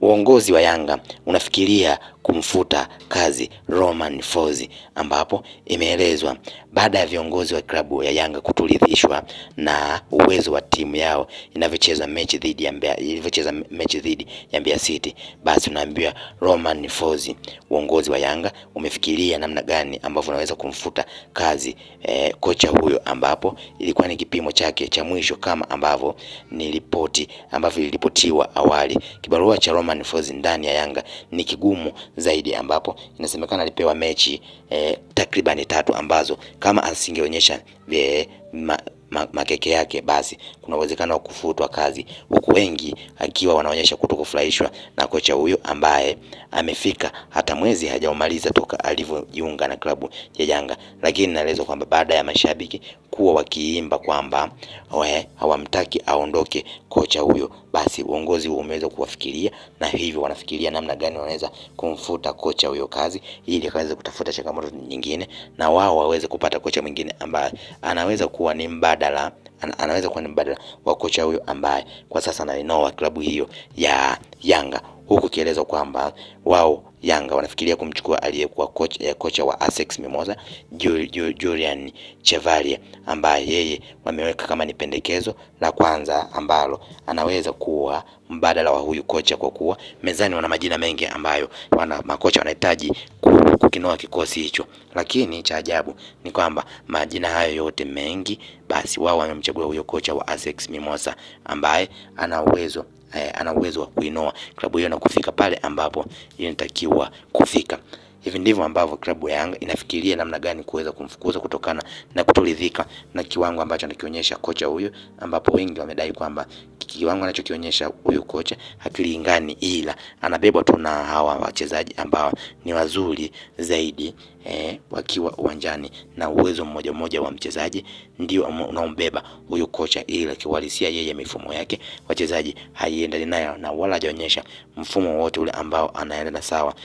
uongozi wa Yanga unafikiria kumfuta kazi Romain Folz, ambapo imeelezwa baada ya viongozi wa klabu ya Yanga kutoridhishwa na uwezo wa timu yao inavyocheza mechi dhidi ya Mbeya, ilivyocheza mechi dhidi ya Mbeya City, basi unaambiwa Romain Folz, uongozi wa Yanga umefikiria namna gani ambavyo unaweza kumfuta kazi eh, kocha huyo, ambapo ilikuwa ni kipimo chake cha mwisho kama ambavyo ni ripoti ambavyo iliripotiwa awali kibarua cha Roman Forz ndani ya Yanga ni kigumu zaidi, ambapo inasemekana alipewa mechi eh, takribani tatu ambazo kama asingeonyesha eh, makeke yake, basi kuna uwezekano wa kufutwa kazi, huku wengi akiwa wanaonyesha kutokufurahishwa na kocha huyo ambaye amefika hata mwezi hajaumaliza toka alivyojiunga na klabu ya Yanga. Lakini naelezwa kwamba baada ya mashabiki kuwa wakiimba kwamba hawamtaki aondoke kocha huyo, basi uongozi umeweza kuwafikiria na hivyo wanafikiria namna gani wanaweza kumfuta kocha huyo kazi, ili akaweze kutafuta changamoto nyingine na wao waweze kupata kocha mwingine ambaye anaweza kuwa ni mbadala mbadala an, anaweza kuwa ni mbadala wa kocha huyo ambaye kwa sasa anainoa klabu hiyo ya Yanga huku kieleza kwamba wao Yanga wanafikiria kumchukua aliyekuwa kocha, eh, kocha wa Asex Mimosa Julian Chevalia ambaye yeye wameweka kama ni pendekezo la kwanza ambalo anaweza kuwa mbadala wa huyu kocha, kwa kuwa mezani wana majina mengi ambayo wana makocha wanahitaji kukinoa kikosi hicho. Lakini cha ajabu ni kwamba majina hayo yote mengi, basi wao wamemchagua huyo kocha wa Asex Mimosa ambaye ana uwezo eh, ana uwezo wa kuinoa klabu hiyo na kufika pale ambapo inatakiwa kufika. Hivi ndivyo ambavyo klabu ya Yanga inafikiria namna gani kuweza kumfukuza kutokana na kutoridhika na kiwango ambacho anakionyesha kocha huyo ambapo wengi wamedai kwamba kiwango anachokionyesha huyu kocha hakilingani, ila anabebwa tu na hawa wachezaji ambao ni wazuri zaidi eh, wakiwa uwanjani, na uwezo mmoja mmoja wa mchezaji ndio unaombeba huyu kocha, ila kiuhalisia yeye mifumo yake wachezaji haiendani nayo na wala hajaonyesha mfumo wote ule ambao anaendana sawa.